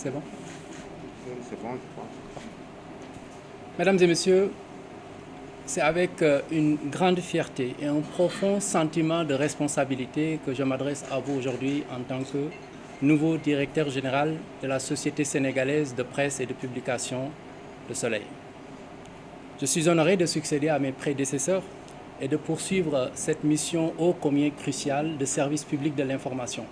C'est bon C'est Mesdames et messieurs, c'est avec euh, une grande fierté et un profond sentiment de responsabilité que je m'adresse à vous aujourd'hui en tant que nouveau directeur général de la Société sénégalaise de presse et de publication Le Soleil. Je suis honoré de succéder à mes prédécesseurs et de poursuivre cette mission ô combien cruciale de service public de l'information.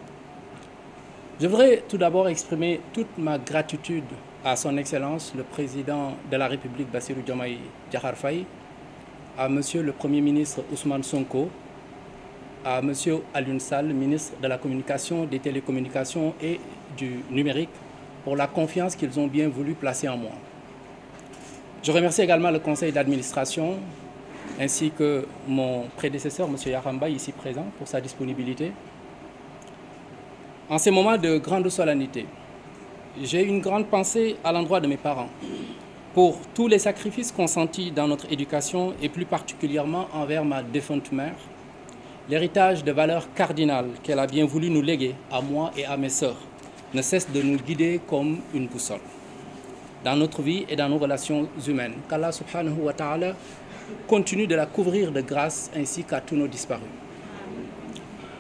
Je voudrais tout d'abord exprimer toute ma gratitude à Son Excellence le Président de la République Bassirou Diomaye Diakhar Faye, à Monsieur le Premier ministre Ousmane Sonko, à Monsieur Alioune Sall, ministre de la Communication, des Télécommunications et du Numérique, pour la confiance qu'ils ont bien voulu placer en moi. Je remercie également le conseil d'administration ainsi que mon prédécesseur, M. Yaramba, ici présent, pour sa disponibilité En ces moments de grande solennité, j'ai une grande pensée à l'endroit de mes parents pour tous les sacrifices consentis dans notre éducation et plus particulièrement envers ma défunte mère, l'héritage de valeurs cardinales qu'elle a bien voulu nous léguer à moi et à mes sœurs ne cesse de nous guider comme une boussole dans notre vie et dans nos relations humaines. Qu'Allah subhanahu continue de la couvrir de grâce ainsi qu'à tous nos disparus.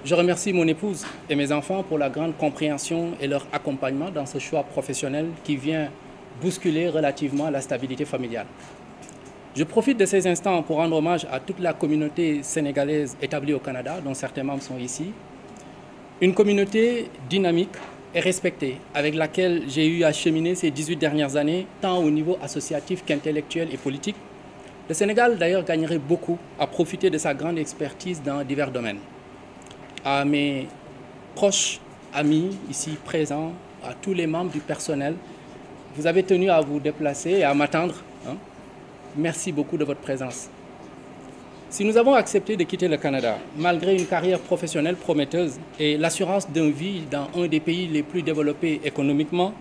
Je remercie mon épouse et mes enfants pour la grande compréhension et leur accompagnement dans ce choix professionnel qui vient bousculer relativement la stabilité familiale. Je profite de ces instants pour rendre à toute la communauté sénégalaise établie au Canada, dont certains membres sont ici. communauté dynamique et respectée, avec laquelle j'ai eu à cheminer ces 18 dernières années, tant au niveau associatif et politique. Le Sénégal, d'ailleurs, gagnerait beaucoup à profiter de sa grande expertise dans divers domaines. à mes proches amis ici présents, à tous les membres du personnel. Vous avez tenu à vous déplacer et à m'attendre. Hein? Merci beaucoup de votre présence. Si nous avons accepté de quitter le Canada, malgré une carrière professionnelle prometteuse et l'assurance d'un vie dans un des pays les plus développés économiquement,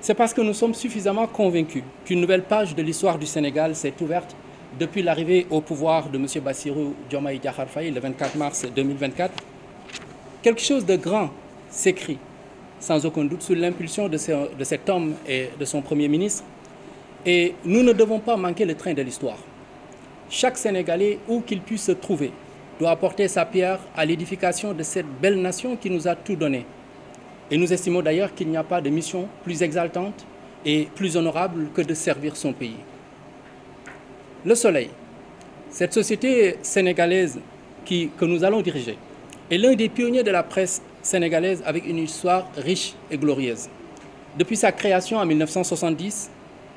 c'est parce que nous sommes suffisamment convaincus qu'une nouvelle page de le 24 mars Quelque chose de grand s'écrit, sans aucun doute, sous l'impulsion de, de cet homme et de son Premier ministre. Et nous ne devons pas manquer le train de l'histoire. Chaque Sénégalais, où qu'il puisse se trouver, doit apporter sa pierre à l'édification de cette belle nation qui nous a tout donné. Et nous estimons d'ailleurs qu'il n'y a pas de mission plus exaltante et plus honorable que de servir son pays. Le soleil, cette société sénégalaise qui, que nous allons est l'un des de la presse sénégalaise avec une histoire riche et Depuis sa création en 1970,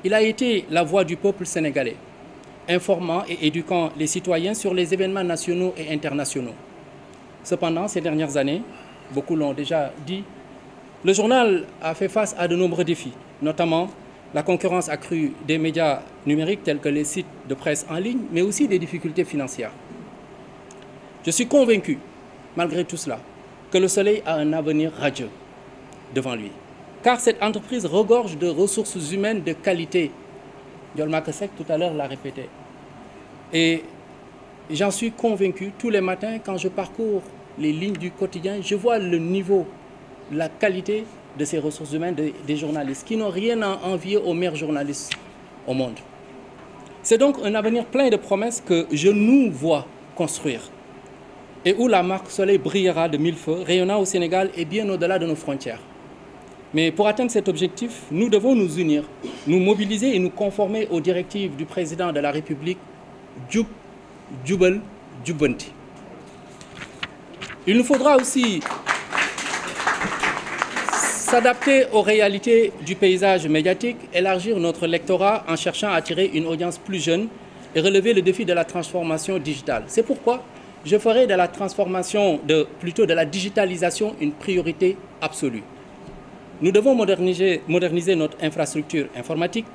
il a été la voix du peuple sénégalais, informant et éduquant les citoyens sur les événements nationaux et internationaux. Cependant, ces dernières années, beaucoup l'ont déjà le journal a fait face à de nombreux défis, notamment la concurrence accrue des médias numériques tels que les sites de presse en ligne, mais aussi des difficultés financières. malgré tout cela que le soleil a un avenir radieux devant lui car cette entreprise regorge de ressources humaines de qualité Ndiol Mack Seck tout à l'heure l'a répété et j'en suis convaincu tous les matins quand je parcours les lignes du quotidien je vois le niveau la qualité de ces ressources humaines de, des journalistes qui n'ont rien à envier aux meilleurs journalistes au monde c'est donc un avenir plein de promesses que je nous vois construire et où la marque Soleil brillera de mille feux, rayonnant au Sénégal et bien au-delà de nos frontières. Mais pour atteindre cet objectif, nous devons nous unir, nous mobiliser et nous conformer aux directives du président de la République, Diouf Jubal Jubanti. Il nous faudra aussi s'adapter aux réalités du paysage médiatique, élargir notre lectorat en cherchant à attirer une audience plus jeune et relever le défi de la transformation digitale. C'est pourquoi je ferai de la transformation, de, plutôt de la digitalisation, une priorité absolue. Nous devons moderniser, moderniser notre infrastructure informatique,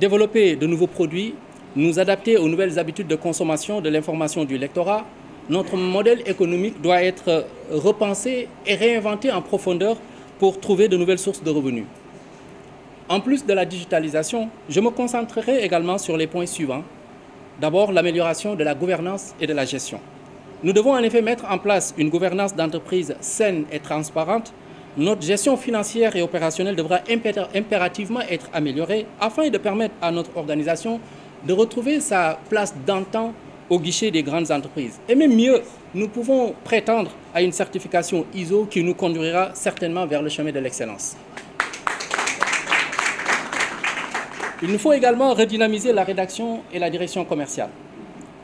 développer de nouveaux produits, nous adapter aux nouvelles habitudes de consommation de l'information du lectorat. Notre modèle économique doit être euh, repensé et réinventé en profondeur pour trouver de nouvelles sources de revenus. En plus de la digitalisation, je me concentrerai également sur les points suivants. D'abord, l'amélioration de la gouvernance et de la gestion. Nous devons en effet mettre en place une gouvernance d'entreprise saine et transparente. Notre gestion financière et opérationnelle devra impérativement être améliorée afin de permettre à notre organisation de retrouver sa place d'antan au guichet des grandes entreprises. Et même mieux, nous pouvons prétendre à une certification ISO qui nous conduira certainement vers le chemin de l'excellence. Il nous faut également redynamiser la rédaction et la direction commerciale.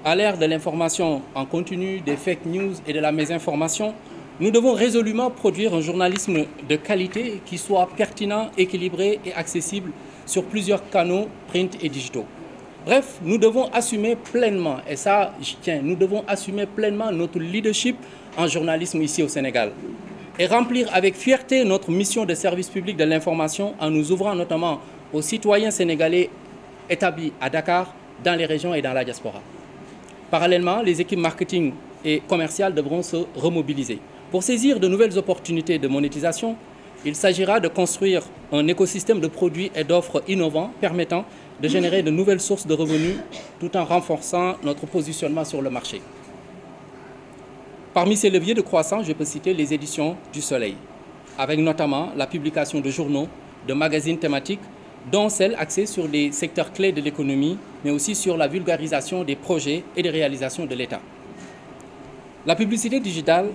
À l'ère de l'information en continu, des fake news et de la mésinformation, nous devons résolument produire un journalisme de qualité qui soit pertinent, équilibré et accessible sur plusieurs canaux print et digitaux. Bref, nous devons assumer pleinement, et ça je tiens, nous devons assumer pleinement notre leadership en journalisme ici au Sénégal et remplir avec fierté notre mission de service public de l'information en nous ouvrant notamment aux citoyens sénégalais établis à Dakar, dans les régions et dans la diaspora. Parallèlement, les équipes marketing et commerciales devront se remobiliser. Pour saisir de nouvelles opportunités de monétisation, il s'agira de construire un écosystème de produits et d'offres innovants permettant de générer de nouvelles sources de revenus tout en renforçant notre positionnement sur le marché. Parmi ces leviers de croissance, je peux citer les éditions du Soleil, avec notamment la publication de journaux, de magazines thématiques dont celles axées sur les secteurs clés de l'économie, mais aussi sur la vulgarisation des projets et des réalisations de l'État. La publicité digitale,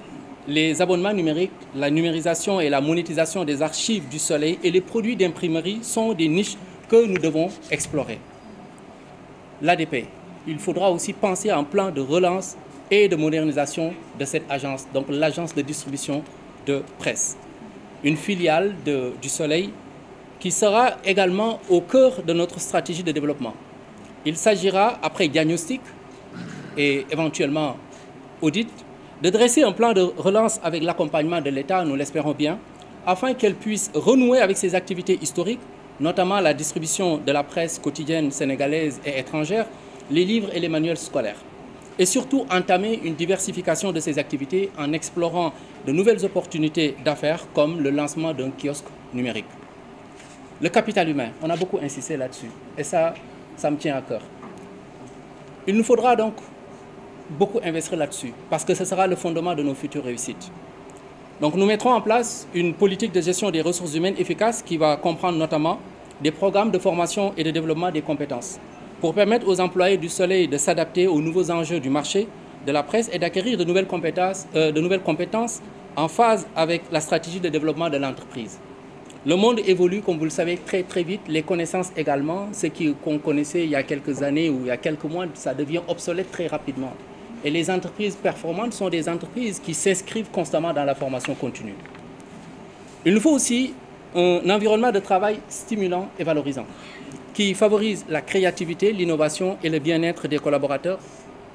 les abonnements numériques, la numérisation et la monétisation des archives du soleil et les produits d'imprimerie sont des niches que nous devons explorer. L'ADP, il faudra aussi penser à un plan de relance et de modernisation de cette agence, donc l'agence de distribution de presse. Une filiale de, du Soleil qui sera également au cœur de notre stratégie de développement. Il s'agira, après diagnostic et éventuellement audit, de dresser un plan de relance avec l'accompagnement de l'État, nous l'espérons bien, afin qu'elle puisse renouer avec ses activités historiques, notamment la distribution de la presse quotidienne sénégalaise et étrangère, les livres et les manuels scolaires. Et surtout entamer une diversification de ses activités en explorant de nouvelles opportunités d'affaires comme le lancement d'un kiosque numérique. Le capital humain, on a beaucoup insisté là-dessus. Et ça, ça me tient à cœur. Il nous faudra donc beaucoup investir là-dessus, parce que ce sera le fondement de nos futures réussites. Donc nous mettrons en place une politique de gestion des ressources humaines efficace qui va comprendre notamment des programmes de formation et de développement des compétences, pour permettre aux employés du Soleil de s'adapter enjeux du marché, de la presse et d'acquérir de, nouvelles compétences, euh, de de développement de l'entreprise. Le monde évolue, comme vous le savez, très très vite. Les connaissances également, ce qu'on connaissait il y a quelques années ou il y a quelques mois, ça devient obsolète très rapidement. Et les entreprises performantes sont des entreprises qui s'inscrivent constamment dans la formation continue. Il nous faut aussi un environnement de travail stimulant et valorisant, qui favorise la créativité, l'innovation et le bien-être des collaborateurs.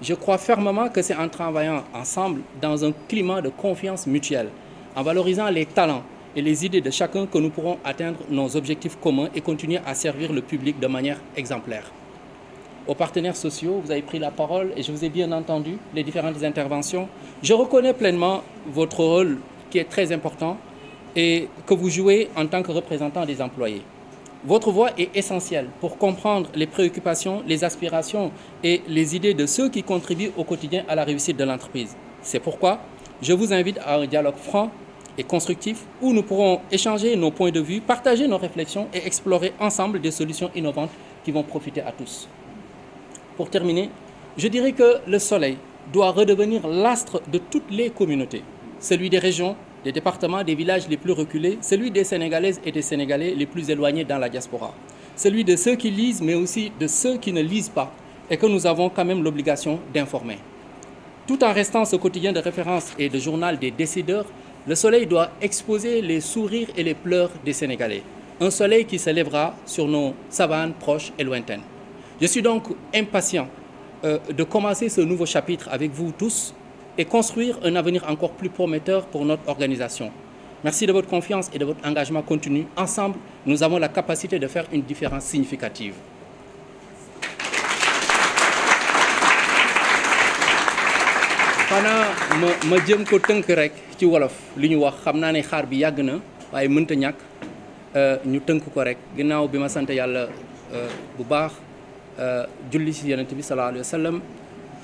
Je crois fermement que c'est en travaillant ensemble dans un climat de confiance mutuelle, en les talents, et les idées de chacun que nous pourrons atteindre nos objectifs communs et continuer à servir le public de manière exemplaire. Aux partenaires sociaux, vous avez pris la parole et je vous ai bien entendu les différentes interventions. Je reconnais pleinement votre rôle est très important et que vous jouez en tant que représentant des employés. Votre voix est essentielle pour comprendre les préoccupations, les aspirations et les idées de ceux qui contribuent au quotidien à la réussite de l'entreprise. C'est pourquoi je vous invite à un et constructif où nous pourrons échanger nos points de vue, partager nos réflexions et explorer ensemble des solutions innovantes qui vont profiter à tous. Pour terminer, je dirais que le soleil doit redevenir l'astre de toutes les communautés, celui des régions, des départements, des villages les plus reculés, celui des Sénégalaises et des Sénégalais les plus éloignés dans la diaspora, celui de ceux qui lisent mais aussi de ceux qui ne lisent pas et que nous avons quand l'obligation d'informer. Tout en restant ce des décideurs, Le soleil doit exposer les sourires et les pleurs des Sénégalais. Un soleil qui se lèvera sur nos savanes proches et lointaines. Je suis donc impatient euh, de commencer ce nouveau chapitre avec vous tous et construire un avenir encore plus prometteur pour notre organisation. Merci de votre confiance et de votre engagement continu. Ensemble, nous avons la capacité de faire une différence significative. xanaa ma ma jëm ko tënk rek ci wolof li ñu wax xam naa ne xaar bi yàgg na waaye mënta ñàkk euh, ñu tënk ko rek ginnaaw bi ma sant yàlla euh, bu baax euh, julli ci yonent bi sallallahu alayhi wa sallam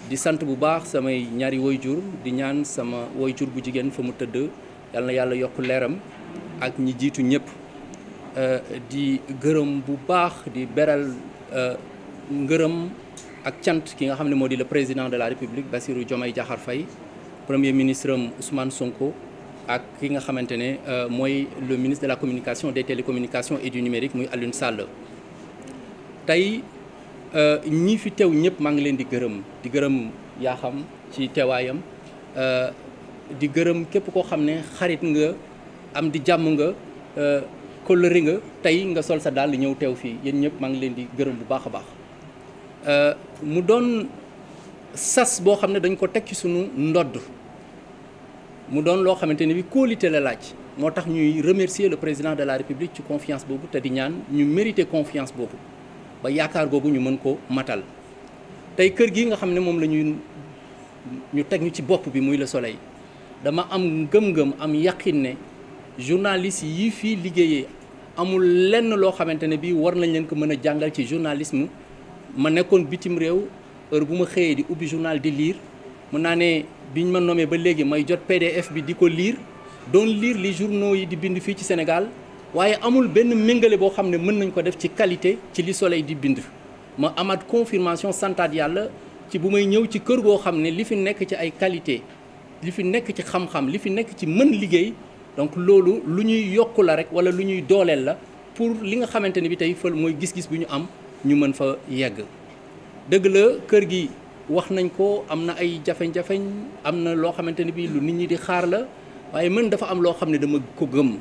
di sant bu baax samay ñaari woyjur di ñaan sama woyjur bu jigéen fa mu tëdd yal yàlla yokk leeram ak ñi jiitu ñëpp di gërëm bu baax di beral ngërëm ak cant ki nga xam ne moo di la président de la république Bassirou Diomaye Diakhar Faye premier ministre am Ousmane Sonko ak ki nga xamante ne euh, mooy le ministre de la communication des télécommunications et du numérique muy Alioune Sall tey euh, ñi fi teew ñëpp maa ngi leen di gërëm di gërëm yaa ci teewaayam euh, di gërëm képp koo xam ne xarit nga am di jàmm nga kóllëre nga tey nga sol sa daal ñëw teew fii yéen ñëpp maa ngi leen di gërëm bu baax a baax Euh, mu doon sas boo xam ne dañ ko teg ci suñu ndodd mu doon loo xamante ni bi kóolite la laaj moo tax ñuy remercier le président de la république ci confiance boobu te di ñaan ñu mérité confiance boobu ba yaakaar googu ñu mën ko matal tey kër gi nga xam ne moom la ñuy ñu teg ñu ci bopp bi muy la soleil dama am ngëm-ngëm am yàqin ne journaliste yi fii liggéeyee amul lenn loo xamante ne bi war nañ leen ko mën a jàngal ci journalisme ma nekkoon bitim réew heure bu ma xëyee di ubbi journal di liir mun naa ne biñ ma noomee ba léegi may jot PDF bi di ko liir doon liir li journaux yi di bind fii ci Sénégal waaye amul benn méngale boo xam ne mën nañ ko def ci qualité ci li Soleil di bind. ma amat confirmation santaat yàlla ci bu may ñëw ci kër goo xam ne li fi nekk ci ay qualité li fi nekk ci xam-xam li fi nekk ci mën liggéey donc loolu lu ñuy yokk la rek wala lu ñuy dooleel la pour li nga xamante ne bi tey fël mooy gis bu ñu am. ñu mën fa yegg dëgg la kër gi wax nañ ko am na ay jafeñ-jafeñ am na loo xamante ni bii lu nit ñi di xaar la waaye mën dafa am loo xam ne dama ko gëm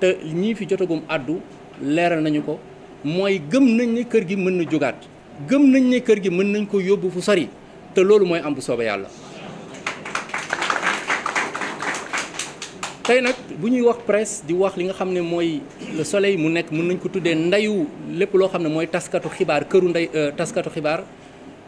te ñii fi jotagum àddu leeral nañu ko mooy gëm nañ ne kër gi mën na jógaat gëm nañ ne kër gi mën nañ ko yóbbu fu sori te loolu mooy am bu soobee yàlla tey nag bu ñuy wax presse di wax li nga xam ne mooy le soleil mu nekk mun nañ ko tuddee ndeyu lépp loo xam ne mooy taskatu xibaar këru ndey euh, taskatu xibaar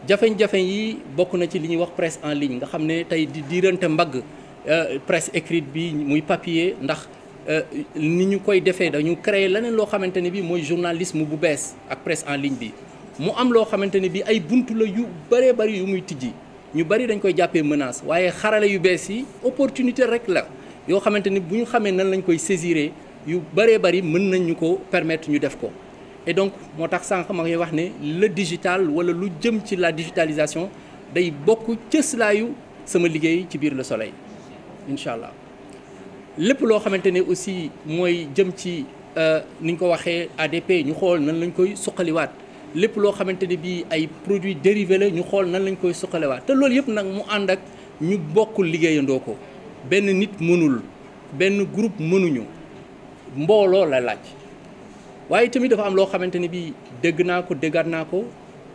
jafe-jafe yi bokk na ci li ñuy wax presse en ligne nga xam ne tey di diirante mbagg euh, presse écrite bi muy papier ndax euh, ni ñu koy defee dañu créer leneen loo xamante ne bi mooy journalisme bu bees ak presse en ligne bi mu am loo xamante ne bi ay buntu la yu bëree bëri yu muy tijji ñu bëri dañ koy jàppee menace waaye xarale yu bees yi opportunité rek la yoo xamante ni bu ñu xamee nan lañ koy saisiré yu bëree bëri mën nañ ñu ko permettre ñu def ko et donc moo tax sànq ma ngi wax ne le digital wala lu jëm ci la digitalisation day bokk cëslaayu sama liggéey ci biir le soleil incha allah lépp loo xamante ne aussi mooy jëm ci euh, ni ñu ko waxee ADP ñu xool nan lañ koy suqaliwaat lépp loo xamante ne bii ay produits dérivés la ñu xool nan lañ koy suqaliwaat te loolu yëpp nag mu ànd ak ñu bokk liggéeyandoo ko. benn nit mënul benn groupe mënuñu mbooloo la laaj waaye tamit dafa am loo xamante ne bii dégg naa ko déggaat naa ko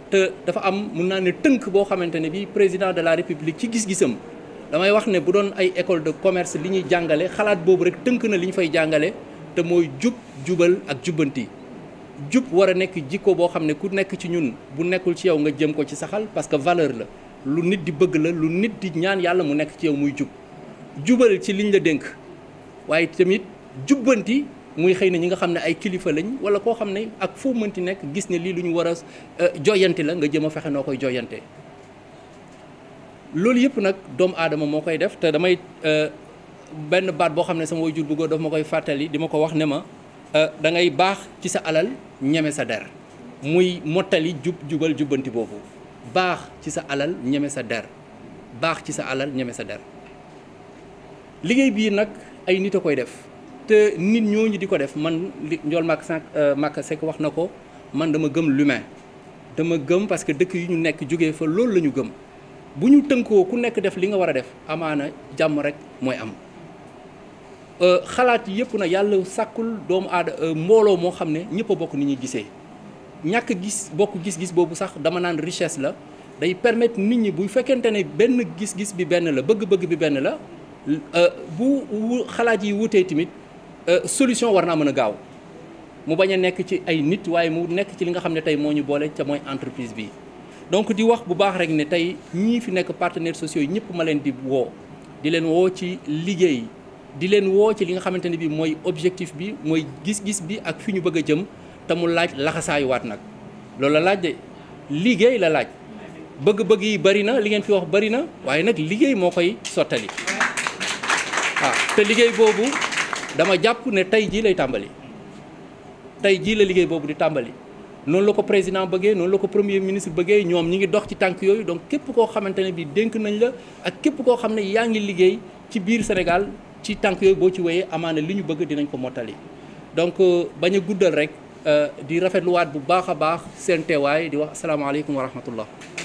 te dafa am mun naa ne tënk boo xamante ne bii président de la république ci gis-gisam damay wax ne bu doon ay école de commerce li ñuy jàngale xalaat boobu rek tënk na li ñu fay jàngale te mooy jub jubal ak jubbanti jub war a nekk jikko boo xam ne ku nekk ci ñun bu nekkul ci yow nga jëm ko ci saxal parce que valeur la lu nit di bëgg la lu nit di ñaan yàlla mu nekk ci yow muy jub jubal ci liñ la dénk waaye tamit jubanti muy xëy na ñi nga xam ne ay kilifa lañ wala koo xam ne ak foo mënti nekk gis ne lii lu ñu war a euh, joyanti la nga jëm a fexe noo koy joyante loolu yëpp nag doomu aadama moo koy def te damay euh, benn baat boo xam ne sama waajur bu góor daf ma koy fàttali di ma ko wax ne ma euh, da ngay baax ci sa alal ñeme sa der muy mottali jub jubal jubanti boobu baax ci sa alal ñeme sa der baax ci sa alal ñeme sa der liggéey bii nag ay nit a koy def te nit ñooñu di ko def man njool Ndiol Maka Sànq Maka wax na ko man dama gëm l'humain dama gëm parce que dëkk yi ñu nekk jógee fa loolu la ñu gëm bu ñu tënkoo ku nekk def li nga war a def amaana jàmm rek mooy am euh, xalaat yëpp na yàlla sàkkul doomu aada euh, mbooloo moo xam ne ñëpp a bokk ni ñuy gisee ñàkk gis bokk gis-gis boobu sax dama naan richesse la day permettre nit ñi bu fekkente ne benn gis-gis bi benn la bëgg-bëgg bi benn la Euh, bu xalaat yi wutee tamit euh, solution war naa mën a gaaw mu bañ a nekk ci ay nit waaye mu nekk ci li nga xam ne tey moo ñu boole ca mooy entreprise bi donc di wax bu baax rek ne tey ñii fi nekk partenaires sociaux yi ñëpp ma leen di woo di leen woo ci liggéey di leen woo ci li nga xamante ne bi mooy objectif bi mooy gis-gis bi ak fi ñu bëgg a jëm te mu laaj laxasaayuwaat nag loolu la laaj de liggéey la laaj bëgg-bëgg yi bari na li ngeen fi wax bari na waaye nag liggéey moo koy sottali waaw te liggéey boobu dama jàpp ne tey jii lay tàmbali tey jii la liggéey boobu di tàmbali noonu la ko président bëggee noonu la ko premier ministre bëggee ñoom ñi ngi dox ci tànk yooyu donc képp koo xamante ne bii dénk nañ la ak képp koo xam ne yaa ngi liggéey ci biir Sénégal ci tànk yooyu boo ci wéyee amaana li ñu bëgg dinañ ko mottali donc euh, bañ a guddal rek euh, di rafetluwaat bu baax a baax seen teewaay di wax asalaamaaleykum wa rahmatullah